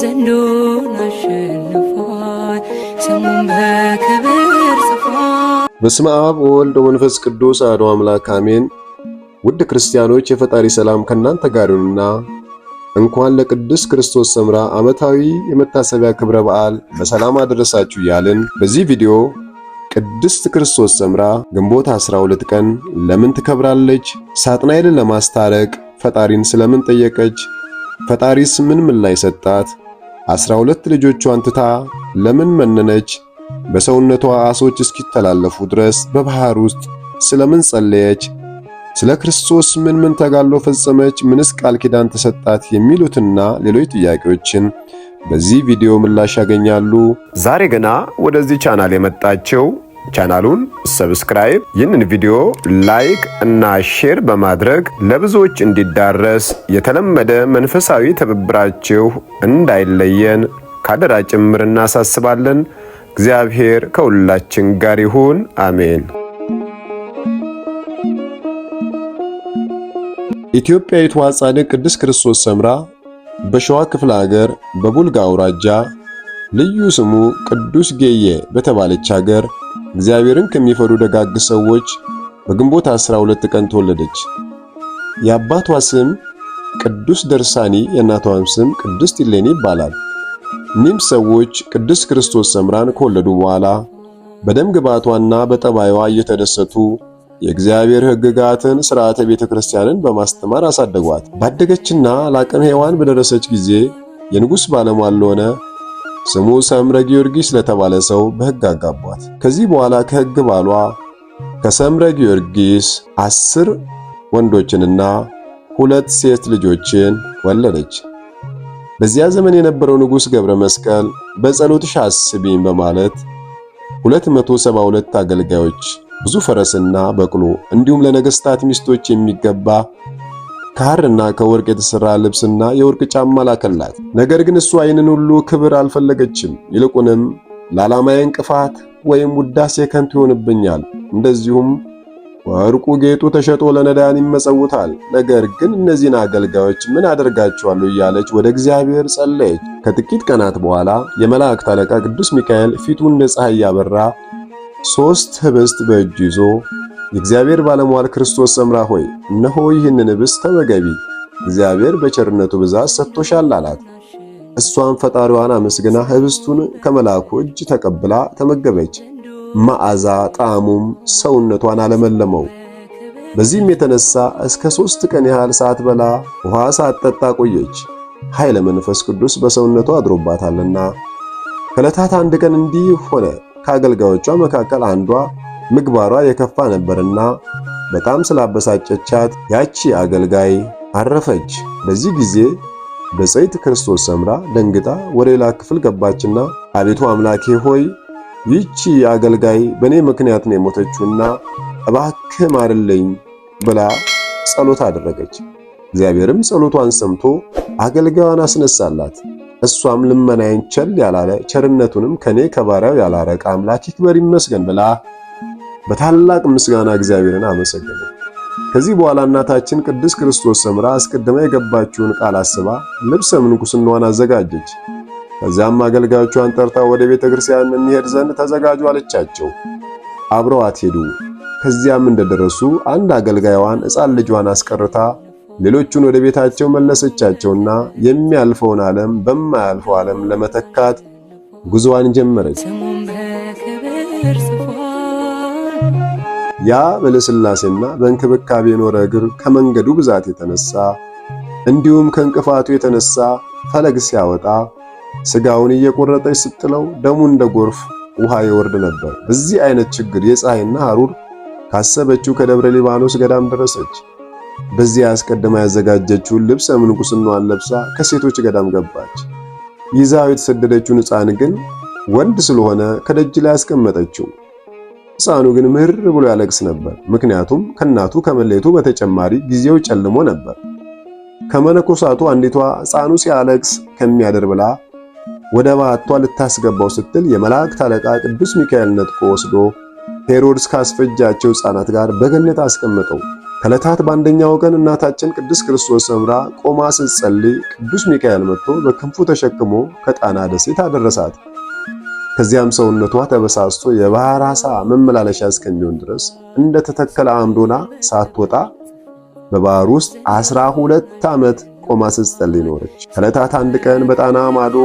ዘንዶን በስመ አብ ወወልድ ወመንፈስ ቅዱስ አሐዱ አምላክ አሜን። ውድ ክርስቲያኖች የፈጣሪ ሰላም ከእናንተ ጋር ይሁንና እንኳን ለቅዱስ ክርስቶስ ሰምራ ዓመታዊ የመታሰቢያ ክብረ በዓል በሰላም አደረሳችሁ እያልን በዚህ ቪዲዮ ቅድስት ክርስቶስ ሰምራ ግንቦት 12 ቀን ለምን ትከብራለች? ሳጥናኤልን ለማስታረቅ ፈጣሪን ስለምን ጠየቀች? ፈጣሪስ ምን ምላሽ ሰጣት? አስራ ሁለት ልጆቿን ትታ ለምን መነነች? በሰውነቷ አሶች እስኪተላለፉ ድረስ በባህር ውስጥ ስለምን ጸለየች? ስለ ክርስቶስ ምን ምን ተጋድሎ ፈጸመች? ምንስ ቃል ኪዳን ተሰጣት? የሚሉትና ሌሎች ጥያቄዎችን በዚህ ቪዲዮ ምላሽ ያገኛሉ። ዛሬ ገና ወደዚህ ቻናል የመጣችው ቻናሉን ሰብስክራይብ፣ ይህንን ቪዲዮ ላይክ እና ሼር በማድረግ ለብዙዎች እንዲዳረስ የተለመደ መንፈሳዊ ትብብራችሁ እንዳይለየን ካደራ ጭምር እናሳስባለን። እግዚአብሔር ከሁላችን ጋር ይሁን። አሜን። ኢትዮጵያዊቷ ጻድቅ ቅድስት ክርስቶስ ሰምራ በሸዋ ክፍለ ሀገር በቡልጋ አውራጃ ልዩ ስሙ ቅዱስ ጌዬ በተባለች ሀገር እግዚአብሔርን ከሚፈሩ ደጋግ ሰዎች በግንቦት 12 ቀን ተወለደች። የአባቷ ስም ቅዱስ ደርሳኒ፣ የእናቷም ስም ቅድስት ኢሌኒ ይባላል። እኒህም ሰዎች ቅድስት ክርስቶስ ሰምራን ከወለዱ በኋላ በደም ግባቷና በጠባይዋ እየተደሰቱ የእግዚአብሔር ሕግጋትን ሥርዓተ ቤተ ክርስቲያንን በማስተማር አሳደጓት። ባደገችና ለአቅመ ሔዋን በደረሰች ጊዜ የንጉሥ ባለሟል ሆነ። ስሙ ሰምረ ጊዮርጊስ ለተባለ ሰው በሕግ አጋቧት። ከዚህ በኋላ ከሕግ ባሏ ከሰምረ ጊዮርጊስ አስር ወንዶችንና ሁለት ሴት ልጆችን ወለደች። በዚያ ዘመን የነበረው ንጉሥ ገብረ መስቀል በጸሎትሽ አስቢኝ በማለት 272 አገልጋዮች፣ ብዙ ፈረስና በቅሎ እንዲሁም ለነገሥታት ሚስቶች የሚገባ ከሐርና ከወርቅ የተሰራ ልብስና የወርቅ ጫማ ላከላት። ነገር ግን እሷ ይህንን ሁሉ ክብር አልፈለገችም። ይልቁንም ለዓላማዬ እንቅፋት ወይም ውዳሴ ከንቱ ይሆንብኛል፣ እንደዚሁም ወርቁ ጌጡ ተሸጦ ለነዳያን ይመጸውታል። ነገር ግን እነዚህን አገልጋዮች ምን አደርጋቸዋለሁ እያለች ወደ እግዚአብሔር ጸለየች። ከጥቂት ቀናት በኋላ የመላእክት አለቃ ቅዱስ ሚካኤል ፊቱ እንደ ፀሐይ ያበራ ሦስት ህብስት በእጁ ይዞ የእግዚአብሔር ባለሟል ክርስቶስ ሠምራ ሆይ እነሆ ይህንን ብስ ተመገቢ፣ እግዚአብሔር በቸርነቱ ብዛት ሰጥቶሻል አላት። እሷን ፈጣሪዋን አመስግና ህብስቱን ከመልአኩ እጅ ተቀብላ ተመገበች። መዓዛ ጣዕሙም ሰውነቷን አለመለመው። በዚህም የተነሳ እስከ ሦስት ቀን ያህል ሳትበላ ውሃ ሳትጠጣ ቆየች፣ ኃይለ መንፈስ ቅዱስ በሰውነቷ አድሮባታልና። ከዕለታት አንድ ቀን እንዲህ ሆነ። ከአገልጋዮቿ መካከል አንዷ ምግባሯ የከፋ ነበርና በጣም ስላበሳጨቻት ያቺ አገልጋይ አረፈች። በዚህ ጊዜ በጸይት ክርስቶስ ሰምራ ደንግጣ ወደ ሌላ ክፍል ገባችና አቤቱ አምላኬ ሆይ ይቺ አገልጋይ በእኔ ምክንያት ነው የሞተችውና እባክህ ማርልኝ ብላ ጸሎት አደረገች። እግዚአብሔርም ጸሎቷን ሰምቶ አገልጋዩን አስነሳላት። እሷም ልመናዬን ቸል ያላለ ቸርነቱንም ከኔ ከባሪያው ያላረቀ አምላክ ይክበር ይመስገን ብላ በታላቅ ምስጋና እግዚአብሔርን አመሰገነ። ከዚህ በኋላ እናታችን ቅድስት ክርስቶስ ሰምራ አስቀድማ የገባችውን ቃል አስባ ልብሰ ምንኩስናዋን አዘጋጀች። ከዚያም አገልጋዮቿን ጠርታ ወደ ቤተ ክርስቲያን እንሄድ ዘንድ ተዘጋጁ አለቻቸው። አብረዋት ሄዱ። ከዚያም እንደደረሱ አንድ አገልጋይዋን ሕፃን ልጇን አስቀርታ ሌሎቹን ወደ ቤታቸው መለሰቻቸውና የሚያልፈውን ዓለም በማያልፈው ዓለም ለመተካት ጉዞዋን ጀመረች። ያ በለስላሴና በእንክብካቤ የኖረ እግር ከመንገዱ ብዛት የተነሳ እንዲሁም ከእንቅፋቱ የተነሳ ፈለግ ሲያወጣ ስጋውን እየቆረጠች ስጥለው ደሙ እንደ ጎርፍ ውሃ ይወርድ ነበር። በዚህ አይነት ችግር የፀሐይና ሐሩር ካሰበችው ከደብረ ሊባኖስ ገዳም ደረሰች። በዚያ አስቀድማ ያዘጋጀችውን ልብሰ ምንኩስናዋን ለብሳ ከሴቶች ገዳም ገባች። ይዛው የተሰደደችውን ሕፃን ግን ወንድ ስለሆነ ከደጅ ላይ አስቀመጠችው። ሕፃኑ ግን ምር ብሎ ያለቅስ ነበር። ምክንያቱም ከእናቱ ከመሌቱ በተጨማሪ ጊዜው ጨልሞ ነበር። ከመነኮሳቱ አንዲቷ ሕፃኑ ሲያለቅስ ከሚያደር ብላ ወደ ባቷ ልታስገባው ስትል የመላእክት አለቃ ቅዱስ ሚካኤል ነጥቆ ወስዶ ሄሮድስ ካስፈጃቸው ሕፃናት ጋር በገነት አስቀመጠው። ከዕለታት በአንደኛው ቀን እናታችን ቅድስት ክርስቶስ ሰምራ ቆማ ስትጸልይ ቅዱስ ሚካኤል መጥቶ በክንፉ ተሸክሞ ከጣና ደሴት አደረሳት። ከዚያም ሰውነቷ ተበሳስቶ የባህር ዓሣ መመላለሻ እስከሚሆን ድረስ እንደተተከለ አምዶና ሳትወጣ በባህር ውስጥ አስራ ሁለት ዓመት ቆማ ስትጸልይ ኖረች። ከዕለታት አንድ ቀን በጣና ማዶ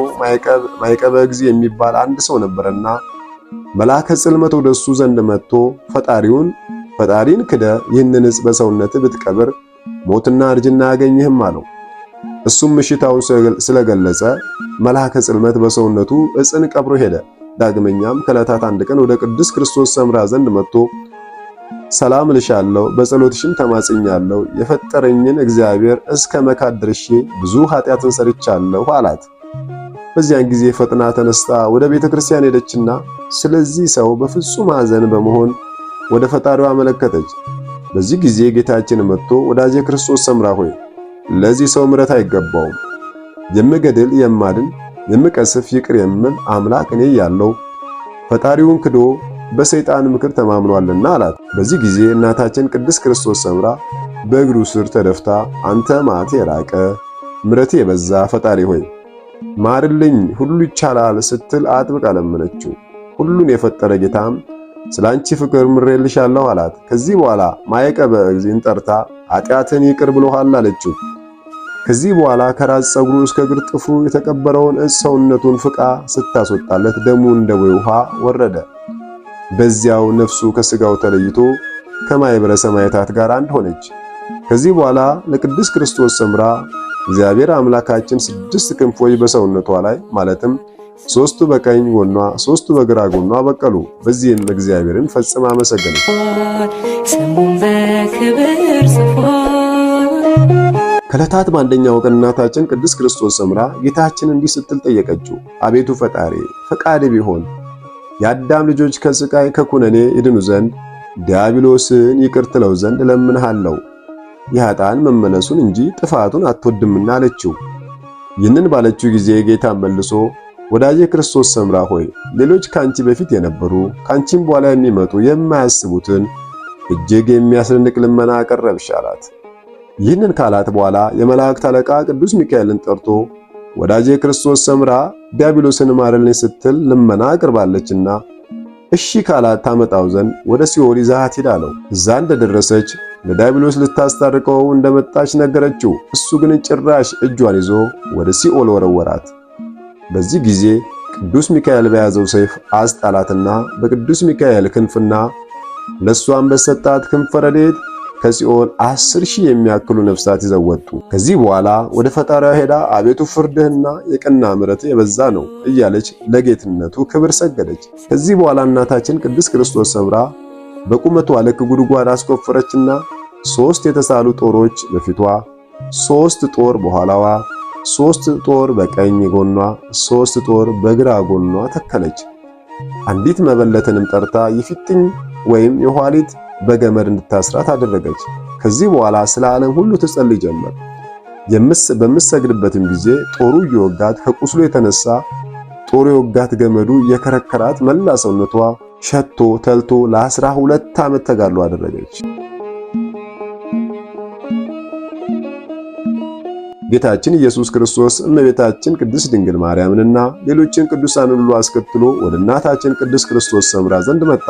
ማይቀበ እግዚ የሚባል አንድ ሰው ነበረና መልአከ ጽልመት ወደሱ ዘንድ መጥቶ ፈጣሪውን ፈጣሪን ክደ ይህንን ዕፅ በሰውነት ብትቀብር ሞትና እርጅና አገኝህም አለው። እሱም ምሽታውን ስለገለጸ መልአከ ጽልመት በሰውነቱ ዕፅን ቀብሮ ሄደ። ዳግመኛም ከዕለታት አንድ ቀን ወደ ቅዱስ ክርስቶስ ሰምራ ዘንድ መጥቶ ሰላም ልሻለሁ፣ በጸሎትሽም ተማጽኛለሁ። የፈጠረኝን እግዚአብሔር እስከ መካድ ድርሼ ብዙ ኃጢአትን ሰርቻለሁ አላት። በዚያን ጊዜ ፈጥና ተነስታ ወደ ቤተ ክርስቲያን ሄደችና ስለዚህ ሰው በፍጹም ሐዘን በመሆን ወደ ፈጣሪዋ አመለከተች። በዚህ ጊዜ ጌታችን መጥቶ ወዳጄ ክርስቶስ ሰምራ ሆይ ለዚህ ሰው ምሕረት አይገባውም፣ የምገድል የማድን የምቀስፍ ይቅር የምል አምላክ እኔ ያለው ፈጣሪውን ክዶ በሰይጣን ምክር ተማምኗልና አላት። በዚህ ጊዜ እናታችን ቅድስት ክርስቶስ ሰምራ በእግሩ ስር ተደፍታ አንተ መዓቴ የራቀ ምረቴ የበዛ ፈጣሪ ሆይ ማርልኝ፣ ሁሉ ይቻላል ስትል አጥብቃ ለመነችው። ሁሉን የፈጠረ ጌታም ስላንቺ ፍቅር ምሬልሻለሁ አላት። ከዚህ በኋላ ማየቀበ እግዚእን ጠርታ ኃጢአትን ይቅር ብሎሃል አለችው። ከዚህ በኋላ ከራስ ጸጉሩ እስከ እግር ጥፍሩ የተቀበረውን እጽ ሰውነቱን ፍቃ ስታስወጣለት ደሙ እንደ ቦይ ውሃ ወረደ። በዚያው ነፍሱ ከስጋው ተለይቶ ከማኅበረ ሰማዕታት ጋር አንድ ሆነች። ከዚህ በኋላ ለቅዱስ ክርስቶስ ሰምራ እግዚአብሔር አምላካችን ስድስት ክንፎች በሰውነቷ ላይ ማለትም ሶስቱ በቀኝ ጎኗ ሶስቱ በግራ ጎኗ በቀሉ። በዚህም እግዚአብሔርን ፈጽማ አመሰገነች። ስሙን በክብር ጽፏል። ከለታት በአንደኛው ቀን እናታችን ቅድስት ክርስቶስ ሰምራ ጌታችን እንዲህ ስትል ጠየቀችው። አቤቱ ፈጣሪ ፈቃድ ቢሆን የአዳም ልጆች ከስቃይ ከኩነኔ ይድኑ ዘንድ ዲያብሎስን ይቅር ትለው ዘንድ እለምንሃለሁ የኃጥአን መመለሱን እንጂ ጥፋቱን አትወድምና አለችው። ይህንን ባለችው ጊዜ ጌታ መልሶ ወዳጄ ክርስቶስ ሰምራ ሆይ ሌሎች ካንቺ በፊት የነበሩ ካንቺም በኋላ የሚመጡ የማያስቡትን እጅግ የሚያስደንቅ ልመና አቀረብሽ አላት። ይህንን ካላት በኋላ የመላእክት አለቃ ቅዱስ ሚካኤልን ጠርቶ ወዳጄ ክርስቶስ ሰምራ ዲያብሎስን ማረልኝ ስትል ልመና አቅርባለችና እሺ ካላት ታመጣው ዘንድ ወደ ሲኦል ይዛሃት ሂድ አለው። እዛ እንደደረሰች ለዲያብሎስ ልታስታርቀው እንደመጣች ነገረችው። እሱ ግን ጭራሽ እጇን ይዞ ወደ ሲኦል ወረወራት። በዚህ ጊዜ ቅዱስ ሚካኤል በያዘው ሰይፍ አስጣላትና በቅዱስ ሚካኤል ክንፍና ለእሷን በሰጣት ክንፈ ረድኤት ከሲኦል አስር ሺህ የሚያክሉ ነፍሳት ይዘው ወጡ። ከዚህ በኋላ ወደ ፈጣሪዋ ሄዳ አቤቱ ፍርድህና የቀና ምረት የበዛ ነው እያለች ለጌትነቱ ክብር ሰገደች። ከዚህ በኋላ እናታችን ቅድስት ክርስቶስ ሰብራ በቁመቷ ልክ ጉድጓድ አስቆፈረችና ሶስት የተሳሉ ጦሮች በፊቷ፣ ሶስት ጦር በኋላዋ፣ ሶስት ጦር በቀኝ ጎኗ፣ ሶስት ጦር በግራ ጎኗ ተከለች። አንዲት መበለትንም ጠርታ የፊትኝ ወይም የኋሊት በገመድ እንድታስራት አደረገች። ከዚህ በኋላ ስለ ዓለም ሁሉ ትጸልይ ጀመር። በምትሰግድበትም ጊዜ ጦሩ እየወጋት ከቁስሉ የተነሳ ጦሩ የወጋት ገመዱ የከረከራት መላ ሰውነቷ ሸቶ ተልቶ ለአስራ ሁለት ዓመት ተጋድሎ አደረገች። ጌታችን ኢየሱስ ክርስቶስ እመቤታችን ቅድስት ድንግል ማርያምንና ሌሎችን ቅዱሳን ሁሉ አስከትሎ ወደ እናታችን ቅድስት ክርስቶስ ሰምራ ዘንድ መጣ።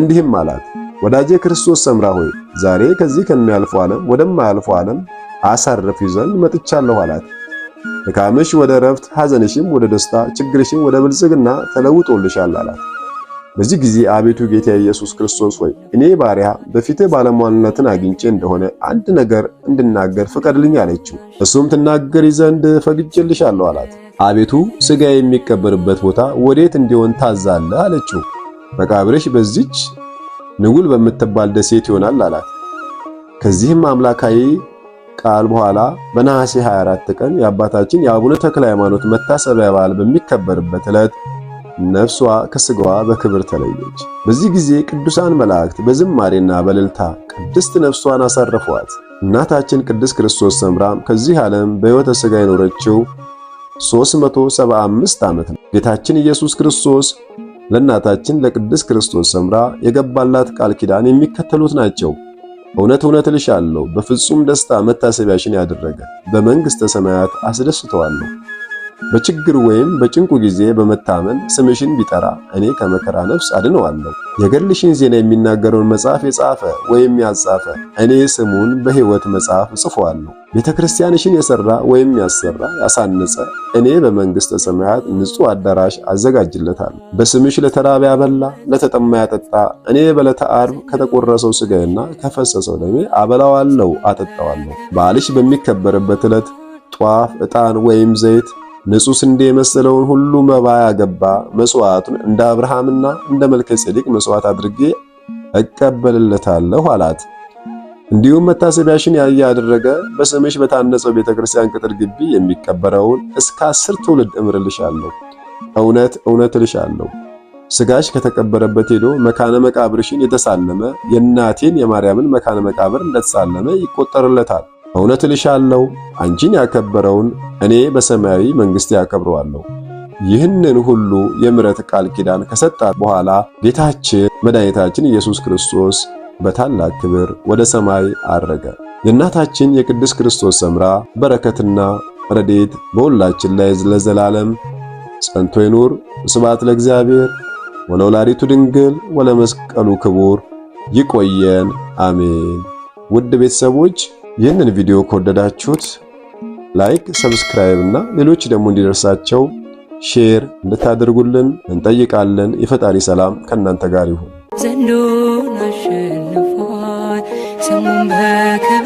እንዲህም አላት ወዳጄ ክርስቶስ ሰምራ ሆይ ዛሬ ከዚህ ከሚያልፈው ዓለም ወደማያልፈው ዓለም አሳርፍ ይዘንድ መጥቻለሁ አላት። ድካምሽ ወደ ረፍት፣ ሐዘንሽም ወደ ደስታ፣ ችግርሽም ወደ ብልጽግና ተለውጦልሻል አላት። በዚህ ጊዜ አቤቱ ጌታ ኢየሱስ ክርስቶስ ሆይ እኔ ባሪያ በፊት ባለሟልነትን አግኝቼ እንደሆነ አንድ ነገር እንድናገር ፍቀድልኝ አለችው። እሱም ትናገሪ ዘንድ ፈቅጄልሻለሁ አላት። አቤቱ ሥጋ የሚቀበርበት ቦታ ወዴት እንዲሆን ታዛለህ አለችው። መቃብርሽ በዚች ንጉል በምትባል ደሴት ይሆናል አላት። ከዚህም አምላካዊ ቃል በኋላ በነሐሴ 24 ቀን የአባታችን የአቡነ ተክለ ሃይማኖት መታሰቢያ በዓል በሚከበርበት ዕለት ነፍሷ ከስጋዋ በክብር ተለየች። በዚህ ጊዜ ቅዱሳን መላእክት በዝማሬና በልልታ ቅድስት ነፍሷን አሳረፏት። እናታችን ቅድስት ክርስቶስ ሰምራም ከዚህ ዓለም በሕይወተ ሥጋ የኖረችው 375 ዓመት ነው። ጌታችን ኢየሱስ ክርስቶስ ለእናታችን ለቅድስት ክርስቶስ ሰምራ የገባላት ቃል ኪዳን የሚከተሉት ናቸው። እውነት እውነት እልሻለሁ፣ በፍጹም ደስታ መታሰቢያሽን ያደረገ በመንግሥተ ሰማያት አስደስተዋለሁ። በችግር ወይም በጭንቁ ጊዜ በመታመን ስምሽን ቢጠራ እኔ ከመከራ ነፍስ አድነዋለሁ። የገድልሽን ዜና የሚናገረውን መጽሐፍ የጻፈ ወይም ያጻፈ እኔ ስሙን በሕይወት መጽሐፍ እጽፈዋለሁ። ቤተ ክርስቲያንሽን የሠራ ወይም ያሰራ ያሳነጸ እኔ በመንግሥተ ሰማያት ንጹሕ አዳራሽ አዘጋጅለታል። በስምሽ ለተራበ ያበላ ለተጠማ ያጠጣ እኔ በዕለተ ዓርብ ከተቆረሰው ሥጋዬና ከፈሰሰው ደሜ አበላዋለሁ፣ አጠጣዋለሁ። በዓልሽ በሚከበርበት ዕለት ጧፍ፣ ዕጣን ወይም ዘይት ንጹሕ ስንዴ የመሰለውን ሁሉ መባ ያገባ መስዋዕቱን እንደ አብርሃምና እንደ መልከ ጼዴቅ መስዋዕት አድርጌ እቀበልለታለሁ አላት። እንዲሁም መታሰቢያሽን ያደረገ በስምሽ በታነጸው ቤተክርስቲያን ቅጥር ግቢ የሚቀበረውን እስከ አስር ትውልድ እምርልሻለሁ። እውነት እውነት እልሻለሁ ስጋሽ ከተቀበረበት ሄዶ መካነ መቃብርሽን የተሳለመ የእናቴን የማርያምን መካነ መቃብር እንደተሳለመ ይቆጠርለታል። እውነት እልሻለሁ አንቺን ያከበረውን እኔ በሰማያዊ መንግሥት ያከብረዋለሁ። ይህንን ሁሉ የምሕረት ቃል ኪዳን ከሰጣት በኋላ ጌታችን መድኃኒታችን ኢየሱስ ክርስቶስ በታላቅ ክብር ወደ ሰማይ አረገ። የእናታችን የቅድስት ክርስቶስ ሰምራ በረከትና ረዴት በሁላችን ላይ ለዘላለም ጸንቶ ይኑር። ስብሐት ለእግዚአብሔር ወለወላዲቱ ድንግል ወለመስቀሉ ክቡር። ይቆየን። አሜን። ውድ ቤተሰቦች ይህንን ቪዲዮ ከወደዳችሁት ላይክ፣ ሰብስክራይብ እና ሌሎች ደግሞ እንዲደርሳቸው ሼር እንድታደርጉልን እንጠይቃለን። የፈጣሪ ሰላም ከእናንተ ጋር ይሁን። ዘንዶን አሸንፏል ስሙን